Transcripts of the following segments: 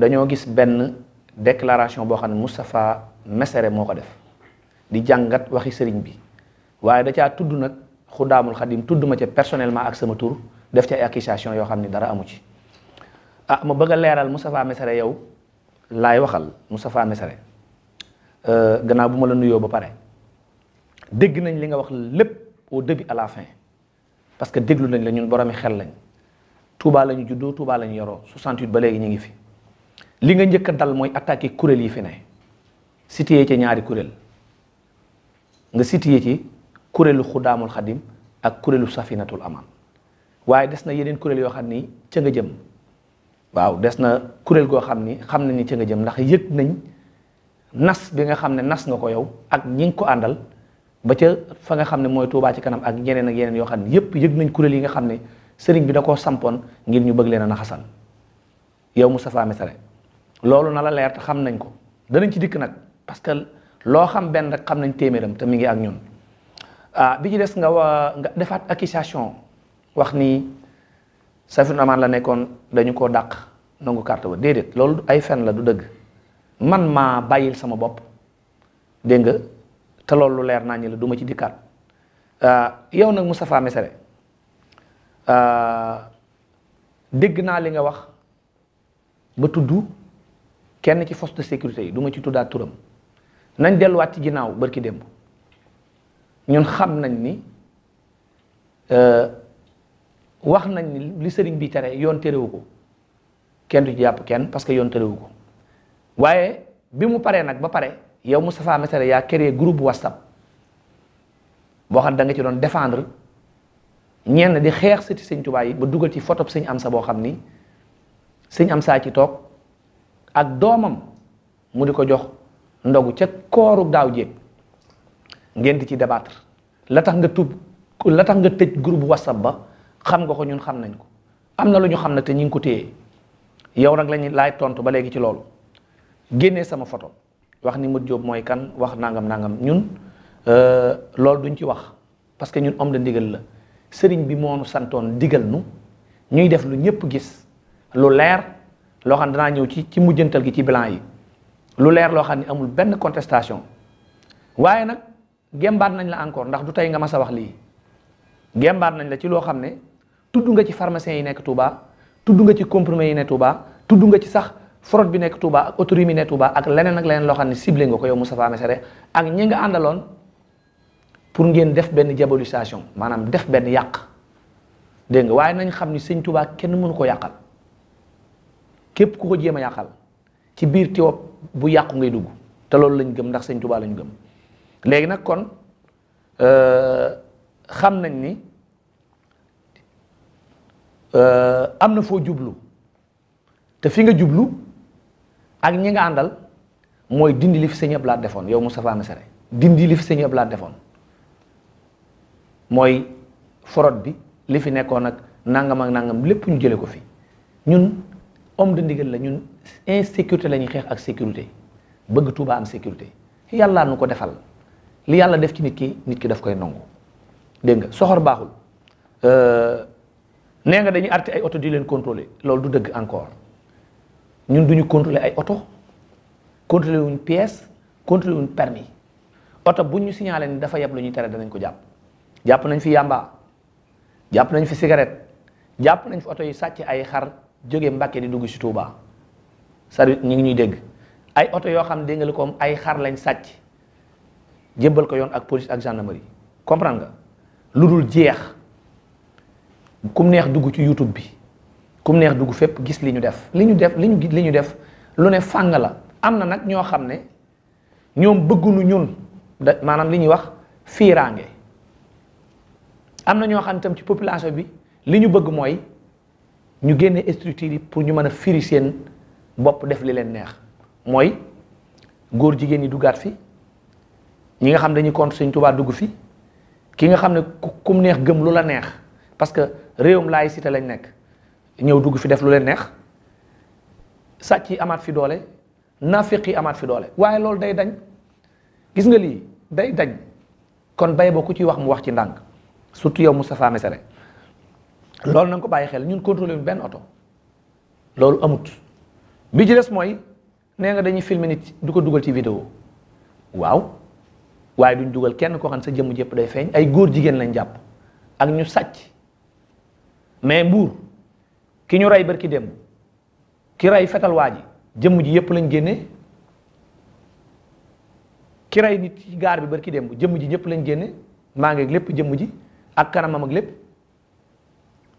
dañoo gis benn déclaration boo xam ne Moustapha Mesere moo ko def di jàngat waxi sëriñ bi waaye da caa tudd nag xuddaamul xadim tudd ma ci personnellement ak sama tur def ca accusation yoo xam ne dara amu ci ah ma bëgg a leeral mu Moustapha Mesere yow laay waxal Moustapha Mesere euh, gannaaw bu ma la nuyoo ba pare dégg nañ li nga wax lépp au début à la fin que déglu nañ la ñun boromi xel lañ Touba la ñu juddoo Touba la ñu yoroo 68 ba léegi ñu ngi fi. li nga njëkk a dal mooy attaqué kuréel yi fi ne situé ci ñaari kuréel nga situé ci kuréelu xudaamul xadim ak kuréelu safinatul aman waaye des na yeneen kuréel yoo xam ni ca nga jëm waaw des na kuréel goo xam ni xam na ni ca nga jëm ndax yëg nañ nas bi nga xam ne nas nga ko yow ak ñi nga ko àndal ba ca fa nga xam ne mooy Tuubaa ci kanam ak yeneen ak yeneen yoo xam ne yëpp yëg nañ kuréel yi nga xam ne sëriñ bi da koo sampoon ngir ñu bëgg leen a naxasal yow Moustapha Messere loolu na la leer te xam nañ ko danañ ci dikk nag parce que loo xam benn rek xam nañ téeméeram te mi ngi ak ñoom ah bi ci des nga wa nga defaat accusation wax ni Safinou Amane la nekkoon dañu koo dàq nangu carte ba déedéet loolu ay fen la du dëgg man maa bàyyil sama bopp dégg nga te loolu leer naa ñu la du ci dikkaat ah, yow nag Moustapha Messere ah, dégg naa li nga wax ba tudd. kenn ci force de sécurité yi duma ma ci tuddaat turam nañ delluwaat ci ginnaaw bërki démb ñun xam nañ ni euh, wax nañ ni li sëriñ bi tere yoon terewu ko kenn du ci jàpp kenn parce que yoon terewu ko waaye bi mu paree nag ba pare yow mu Moustapha Messere yaa créé groupe WhatsApp boo xam da nga ci doon défendre ñenn di xeex sëti sëñ Tuubaa yi ba dugal ci photo sëñ sa boo xam ni sëñ saa ci toog. ak doomam mu di ko jox ndogu ca kooru daaw jéeg ngeen di ci débattre la tax nga tub la tax nga tëj group whatsapp ba xam nga ko ñun xam nañ ko am na lu ñu xam ne te ñu ngi ko téye yow nag lañu laay tontu ba léegi ci loolu génnee sama photo wax ni Modou Diop mooy kan wax nangam nangam ñun euh, loolu duñ ci wax parce que ñun homme de ndigal la sëriñ bi moonu santoon digal nu ñuy def lu ñëpp gis lu leer loo xam ne danaa ñëw ci ci mujjantal gi ci bilan yi lu leer loo xam ne amul benn contestation waaye nag gembaat nañ la encore ndax du tey nga mas sa wax lii gembaat nañ la ci loo xam ne tudd nga ci pharmacien yi nekk Touba tudd nga ci comprimé yi nekk Touba tudd nga ci sax fraude bi nekk Touba ak autorisme yi nekk Touba ak leneen ak leneen loo xam ne ciblé nga ko yow Moustapha Messere ak ñi nga àndaloon pour ngeen def benn diabolisation maanaam def benn yàq dégg nga waaye nañ xam ni sëñ Touba kenn mënu ko yàqal. képp ku ko jéem a yàqal ci biir tiwab bu yàqu ngay dugg te loolu lañ gëm ndax sëñ Tuubaa lañ gëm léegi nag kon euh, xam nañ ni euh, am na foo jublu te fi nga jublu ak ñi nga àndal mooy dindi li fi sëñ Abdu Lahat defoon yow mu Missiré dindi li fi sëñ Abdu Lahat defoon mooy forot bi li fi nekkoon ak nangam ak nangam lépp ñu jële ko fi homme de ndigal la ñun insécurité la ñuy xeex ak sécurité bëgg Touba am sécurité yàlla nu ko defal li yàlla def ci nit ki nit ki daf koy nangu dégg nga soxor baaxul euh, nee nga dañuy arrêté ay oto di leen contrôler loolu du dëgg encore ñun duñu contrôler ay oto contrôler wuñ pièce contrôler wuñ permis oto buñ ñu signalé ni dafa yeb lu ñuy tere danañ ko jàpp jàpp nañ fi yàmba jàpp nañ fi cigarette jàpp nañ fi oto yi sàcc ay xar jóge mbakke di dugg ci Touba sari ñu ngi ñuy dégg ay oto yoo xam dégg nga li ko ay xar lañ sàcc jébbal ko yoon ak police ak gendarmerie comprendre nga lu dul jeex kum neex dugg ci YouTube bi kum neex dugg fépp gis li ñu def li ñu def li ñu li ñu def lu ne fàng la am na nag ñoo xam ne ñoom bëgguñu ñun da maanaam li ñuy wax fiiraange am na ñoo xam tam ci population bi li ñu bëgg mooy ñu génne structure yi pour ñu mën a firi seen bopp def li leen neex mooy góor jigéen yi duggaat fi ñi nga xam dañuy contre Sëñ Tuubaa dugg fi ki nga xam ne kum neex gëm lu la neex parce que réewum laïcité lañ nekk ñëw dugg fi def lu leen neex sàcc yi amaat fi doole naafiq yi amaat fi doole waaye loolu day dañ gis nga lii day dañ kon bay boo ku ci wax mu wax ci ndànk surtout yow Moustapha Messere loolu nañ ko bàyyi xel ñun contrôlé wuñ benn oto loolu amut bi ci des mooy nee nga dañuy filmer nit du ko dugal ci vidéo waaw waaye duñ dugal kenn koo xam sa jëmm jëpp day feeñ ay góor jigéen lañ jàpp ak ñu sàcc mais mbuur ki ñu rey barki dem ki rey fetal waa ji jëmm ji yëpp lañ génnee ki rey nit ci gaar bi barki dem jëmm ji ñëpp lañ génne maa ngi lépp jëmm ji ak kanamam ak lépp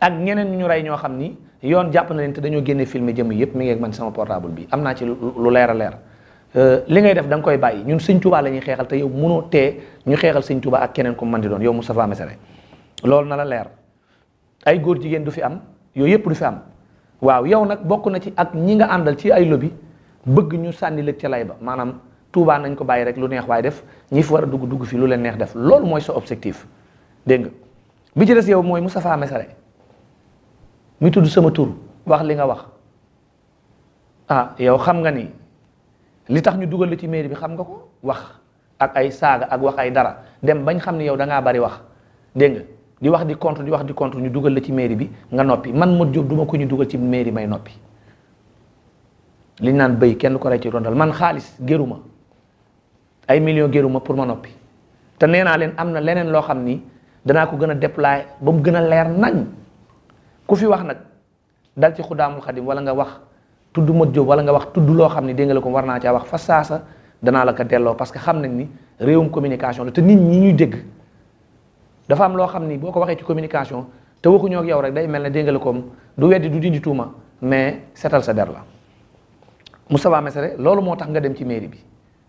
ak ñeneen ñu rey ñoo xam ni yoon jàpp na leen te dañoo génne filmé jëm yëpp mu ngi man sama portable bi am naa ci lu leer a leer euh, li ngay def danga koy bàyyi ñun sëñ Tuubaa la ñuy xeexal te yow mënoo tee ñu xeexal sëñ Tuubaa ak keneen ku man di doon yow Moustapha Messere loolu na la leer ay góor jigéen du fi am yooyu yëpp du fi am waaw yow nag bokk na ci ak ñi nga àndal ci ay lobby bëgg ñu sànni lëg ca lay ba maanaam Tuubaa nañ ko bàyyi rek lu neex waaye def ñii fi war a dugg dugg fi lu leen neex def loolu mooy sa objectif dégg nga bi ci des yow mooy Moustapha Messere muy tudd sama tur wax li nga wax ah yow xam nga ni li tax ñu dugal la ci mairie bi xam nga ko wax ak ay saaga ak wax ay dara dem bañ xam ni yow da bari wax dégg nga di wax di contre di wax di contre ñu dugal la ci mairie bi nga noppi man Modou Diop du ko ñu dugal ci mairie may noppi li naan béy kenn ko rey ci rondal man xaalis géruma ay millions géruma pour ma noppi te nee naa leen am na leneen loo xam ni danaa ko gën a déployer ba mu gën a leer nañ ku fi wax nag dal ci xuddaamul xadim wala nga wax tudd Modou Diop wala nga wax tudd loo xam ne dégg ko war naa caa wax fa saasa danaa la ko delloo parce que xam nañ ni réewum communication la te nit ñi ñuy dégg dafa am loo xam ni boo ko waxee ci communication te waxuñook ak yow rek day mel ne dégg nga la ko du weddi du dindi mais setal sa der la. mu Moustapha Messere loolu moo tax nga dem ci mairie bi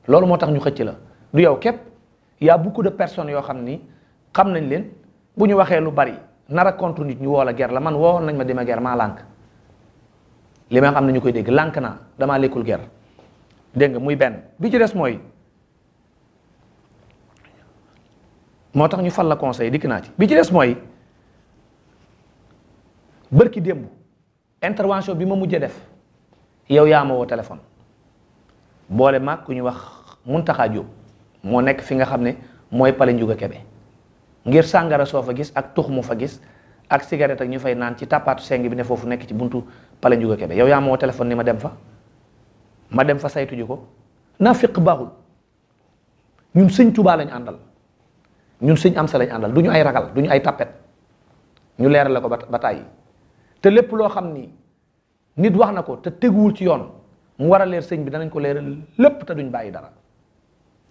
loolu moo tax ñu xëcc la du yow képp y a de personnes yoo xam ni xam nañ leen bu ñu waxee lu bari. nar a contre nit ñu woo la ger la man woowoon nañ ma dima ger maa lànk li ma xam ne ñu koy dégg lànk naa damaa lekkul ger dégg nga muy benn bi ci des mooy moo tax ñu fal la conseil dikk naa ci bi ci des mooy bërki démb intervention bi ma mujjee def yow yaa ma boole maag ku ñu wax Muntaxa Jóob moo nekk fi nga xam ne mooy pale Njuga Kebe ngir sàngara soo fa gis ak tux mu fa gis ak cigarette ak ñu fay naan ci tàppaatu seng bi ne foofu nekk ci buntu pale njuga kebe yow yaa moo téléphone ni ma dem fa ma dem fa saytu ji ko naa fiq baaxul ñun sëñ tubaa lañ àndal ñun sëñ am sa lañ àndal du ñu ay ragal du ñu ay tappet ñu leeral la ko ba tàyyi te lépp loo xam ni nit wax na ko te teguwul ci yoon mu war a leer sëñ bi danañ ko leeral lépp te duñ bàyyi dara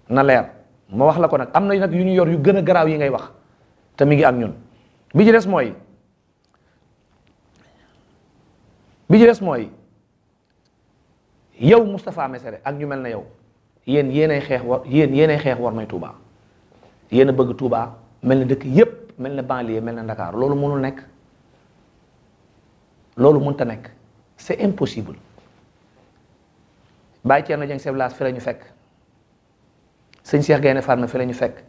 na leer ma wax la ko nag am na nag yu ñu yor yu gën a garaaw yi ngay wax te mi ngi ak ñun bi ci des mooy bi ci des mooy yow Moustapha Messere ak ñu mel na yow yéen yéenay xeex war yéen yéenay xeex war may Touba yéen bëgg Touba mel na dëkk yépp mel na banlieue mel na ndakaar loolu mënul nekk loolu mënta nekk c'est impossible bàyyi na Dieng Seblaas fi la ñu fekk. sëñ Cheikh Gaynde Fatma fi la ñu fekk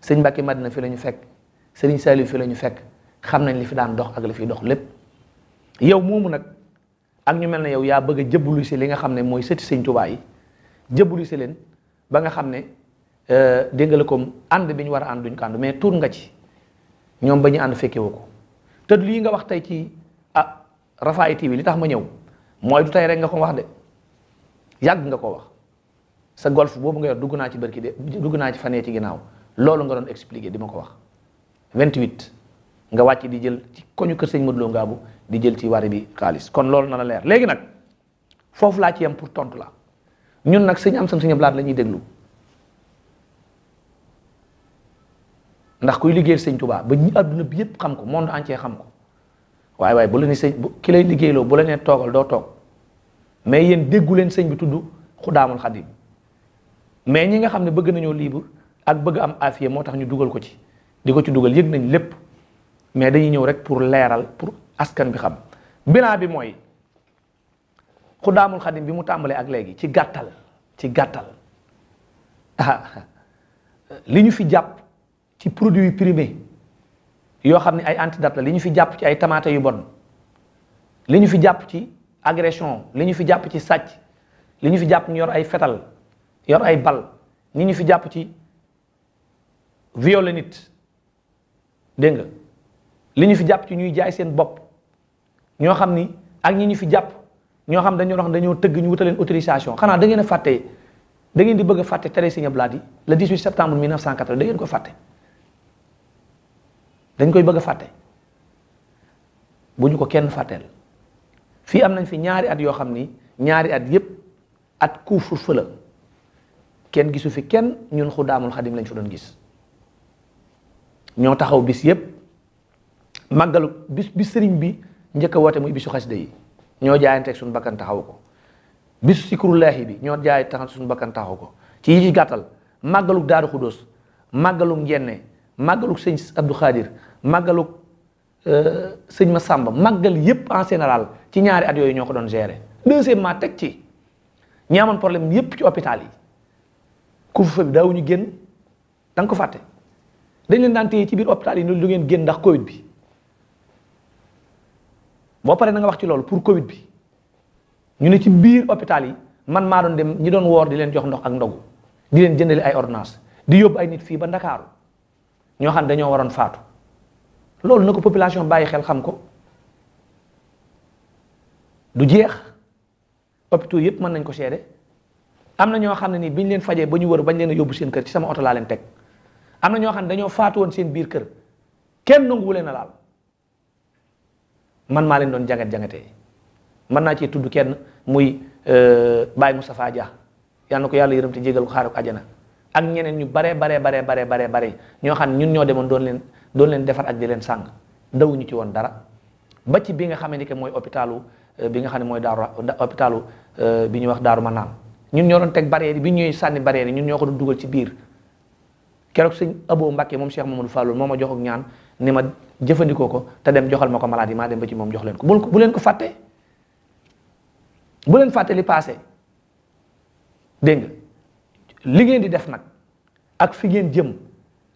sëñ Mbacke na fi la fekk sëriñ Saliou fi la ñu fekk xam nañ li fi daan dox ak la fiy dox lépp yow moomu nag ak ñu mel ne yow yaa bëgg a jëbbalu si li nga xam ne mooy sëti sëñ Touba si leen ba nga xam ne euh, dégg nga la ànd bi ñu war a ànd duñ ko mais tuut nga ci ñoom ba ñu ànd fekke ko te lii nga wax tey ci ah Rafah TV li tax ma ñëw mooy du tey rek nga ko wax de yàgg nga ko wax. sa golf boobu nga yor dugg naa ci barki de dugg naa ci fanee ci ginnaaw loolu nga doon expliquer di ma ko wax 28 nga wàcc di jël ci koñu kër sëñ Modou Lo Ngaabu di jël ci wari bi xaalis kon loolu na la leer léegi nag foofu laa ci yam pour tontu la ñun nag sëñ am sam sëñ blaat la ñuy déglu ndax kuy liggéeyal sëñ Touba ba ñi adduna bi yépp xam ko monde entier xam ko waaye waaye bu la sëñ bu ki lay liggéeyloo bu la nee toogal doo toog mais yéen déggu leen sëñ bi tudd xuddaamul xadim mais ñi nga xam ne bëgg nañoo libre ak bëgg am afiya moo tax ñu dugal ko ci di ko ci dugal yëg nañ lépp mais dañuy ñëw rek pour leeral pour askan bi xam bilan bi mooy xu daamul xadim bi mu tàmbalee ak léegi ci gàttal ci gàttal ah li ñu fi jàpp ci produit primé yoo xam ne ay antidate la li ñu fi jàpp ci ay tamaate yu bon li ñu fi jàpp ci agression li ñu fi jàpp ci sàcc li ñu fi jàpp ñu yor ay fetal yow ay bal nit ñu fi jàpp ci viole nit dégg nga li ñu fi jàpp ci ñuy jaay seen bopp ñoo xam ni ak ñi ñu fi jàpp ñoo xam dañoo wax tëgg ñu wutaleen autorisation xanaa da ngeen fàtte da ngeen di bëgg a fàtte tere si Abdou Lahad yi le 18 septembre 1980 da ngeen ko fàtte dañ koy bëgg a fàtte bu ñu ko kenn fàtteel fii am nañ fi ñaari at yoo xam ni ñaari at yépp at couvre-feu kenn gisu fi kenn ñun xuddaamul xadim lañ fi doon gis ñoo taxaw bis yépp màggalu bis bi sëriñ bi njëkk a woote muy bisu xasida yi ñoo jaayanteeg suñu bakkan taxaw ko bisu sikrullaahi bi ñoo jaay taxaw suñu bakkan taxaw ko ci yi ci gàttal màggaluk daaru xudóos màggaluk njenne màggaluk sëñ abdou xadir màggaluk euh, sëñ ma sàmba màggal yépp en général ci ñaari at yooyu ñoo ko doon gérer deuxièmement teg ci ñi problème yépp ci hôpital yi couvre-feu bi daawuñu génn da ko fàtte dañ leen daan téye ci biir hôpital yi lu ngeen génn ndax Covid bi boo paree na nga wax ci loolu pour Covid bi ñu ne ci biir hôpital yi man maa doon dem ñi doon woor di leen jox ndox ak ndogu di leen jëndale ay ordonnance di yóbbu ay nit fii ba Ndakaaru ñoo xam dañoo waroon faatu loolu na ko population bàyyi xel xam ko du jeex hôpitaux yépp mën nañ ko seede am na ñoo xam ne ni biñ leen fajee ba ñu wër bañ leen a yóbbu seen kër ci sama oto laa leen teg am na ñoo xam ne dañoo faatu woon seen biir kër kenn nanguwu leen a laal man maa leen doon jangat jangatee mën naa ci tudd kenn muy euh, Baye Moustapha Dia yal na ko yàlla yërëm te jégal ko xaaral ko àjjana ak ñeneen ñu baree baree baree baree baree baree ñoo xam ne ñun ñoo demoon doon leen doon leen defar ak di leen sàng dawuñu ci woon dara ba ci bi nga xam ne mooy hôpitalu euh, bi nga xam ne mooy daaru hôpitalu euh, bi ñuy wax daaru ma naan ñun ñoo doon teg barrière bi ñuy sànni barrière yi ñun ñoo ko doon dugal ci biir keroog sëñ Abo Mbàkke moom ma mu Falloul moo ma jox ak ñaan ni ma jëfandikoo ko te dem joxal ma ko malade yi maa dem ba ci moom jox leen ko bul bu leen ko fàtte bu leen fàtte li passé dégg nga di def nag ak fi ngeen jëm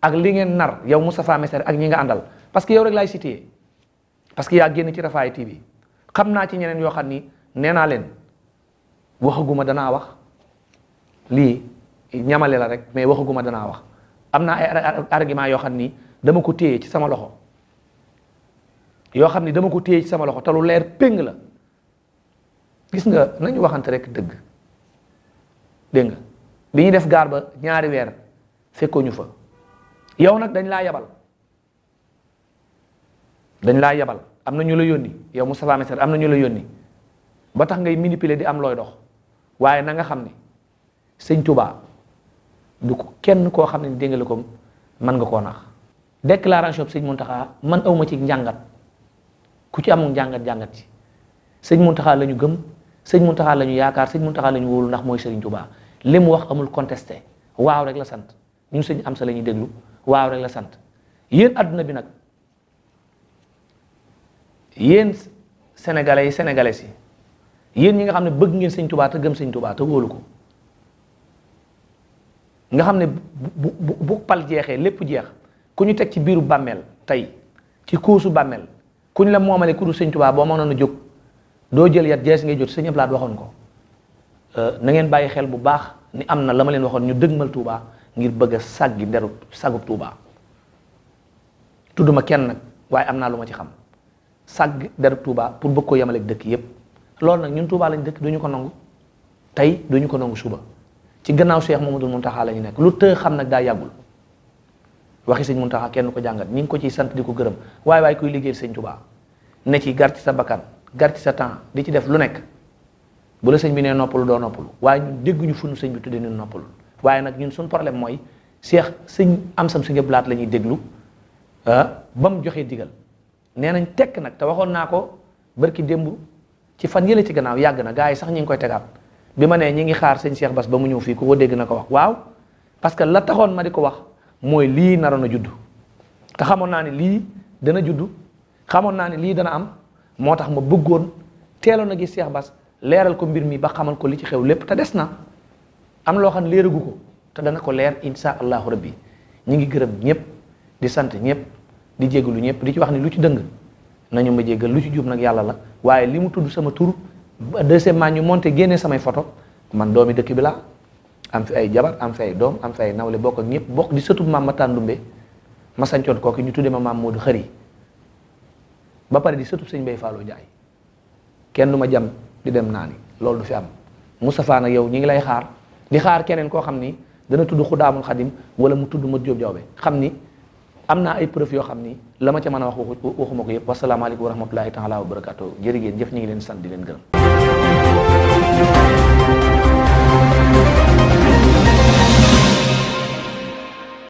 ak li ngeen nar yow Moustapha Messer ak ñi nga àndal parce que yow rek laay cité parce que yaa génn ci Rafah TV xam naa ci ñeneen yoo xam ni nee naa leen waxaguma danaa wax lii ñamale la rek mais waxaguma danaa wax am naa ay argument yoo xam ni dama ko téye ci sama loxo yoo xam ni dama ko téye ci sama loxo te lu leer péng la gis nga nañu waxante rek dëgg dégg nga bi ñu def gaar ba ñaari weer fekkoo ñu fa yow nag dañ laa yabal dañ laa yabal am na ñu la yónni yow Moustapha Messere am na ñu la yónni ba tax ngay manipuler di am looy dox waaye na nga xam ni sëñ Touba du ko kenn koo xam ne déngale ko mën nga koo nax déclaration bi sëñ taxaa man awma ci njàngat ku ci amul njàngat njàngat ci sëñ Mountakha la ñu gëm sëñ Mountakha la lañu yaakaar sëñ mun la ñu wóolu ndax mooy sëriñ Touba li mu wax amul contesté waaw rek la sant ñun sëñ am sa lañuy ñuy déglu waaw rek la sant yéen àdduna bi nag yéen sénégalais yi sénégalais yi yéen ñi nga xam ne bëgg ngeen sëñ Touba te gëm sëñ Touba te wóolu ko. nga xam ne bu bu bu pal jeexee lépp jeex ku ñu teg ci biiru bàmmeel tey ci kuusu bàmmeel ku ñu la moomale ku du sëñ Tuubaa boo mënoon a jóg doo jël yat jees ngay jot sëñ Ablaat waxoon ko euh, na ngeen bàyyi xel bu baax ni am na la ma leen waxoon ñu dëgmal Tuubaa ngir bëgg a sàggi deru sagub Tuubaa ma kenn nag waaye am naa lu ma ci xam sàgg derub Tuubaa pour bëgg ko yemaleeg dëkk yépp loolu nag ñun Tuubaa lañ dëkk duñu ko nangu tey duñu ko nangu suba ci gannaaw Cheikh Mamadou Mountakha la ñu nekk lu të xam nag daa yàggul waxi sëñ Mountakha kenn ko jàngat ñi ngi ko ciy sant di ko gërëm waaye waaye kuy liggéeyal sëñ Touba ne ci gar ci sa bakkan gar ci sa temps di ci def lu nekk bu la sëñ bi nee noppalu doo noppalu waaye ñun dégguñu fu ñu sëñ bi tuddee ñun noppalu waaye nag ñun suñu problème mooy Cheikh sëñ am sam sëñ blaat lañuy ñuy déglu ah, ba mu joxee digal nee nañ tekk nag te waxoon naa ko barki démb ci fan yële ci gannaaw yàgg na gaa yi sax ñi ngi koy tegaat bi ma nee ñi ngi xaar sëñ Cheikh Bass ba mu ñëw fii ku ko dégg na ko wax waaw parce que la taxoon ma di ko wax mooy lii naroon a juddu te xamoon naa ne lii dana juddu xamoon naa ne lii dana am moo tax ma buggoon teeloon a gis seex bas leeral ko mbir mi ba xamal ko li ci xew lépp te des na am loo xam léeragu ko te dana ko leer insha allahu rabbi ñi ngi gërëm ñëpp di sant ñëpp di jégalu ñëpp di ci wax ni lu ci dëng nañu ma jégal lu ci jub nag yàlla la waaye deuxièmement ñu monte génnee samay photo man doomi dëkk bi laa am fi ay jabar am fi ay doom am fi ay nawle bokk ak ñëpp bokk di sëtub maam ma tàndumbe ma sancoon kooku ñu tuddee ma maam Modou Xëri ba pare di sëtub sëñ Bay Fallou Ndiaye kenn du ma jam di dem naa ni loolu du fi am Moustapha nag yow ñi ngi lay xaar di xaar keneen koo xam ni dana tudd Xudaamul Xadim wala mu tudd Modou Diop Diawbe xam ni am naa ay preuve yoo xam ni la ma ca mën a wax waxuma ko yëpp wasalaamaaleykum wa rahmatulahi taala wa barakatuh jërë ngi leen sant di leen gërëm Thank you.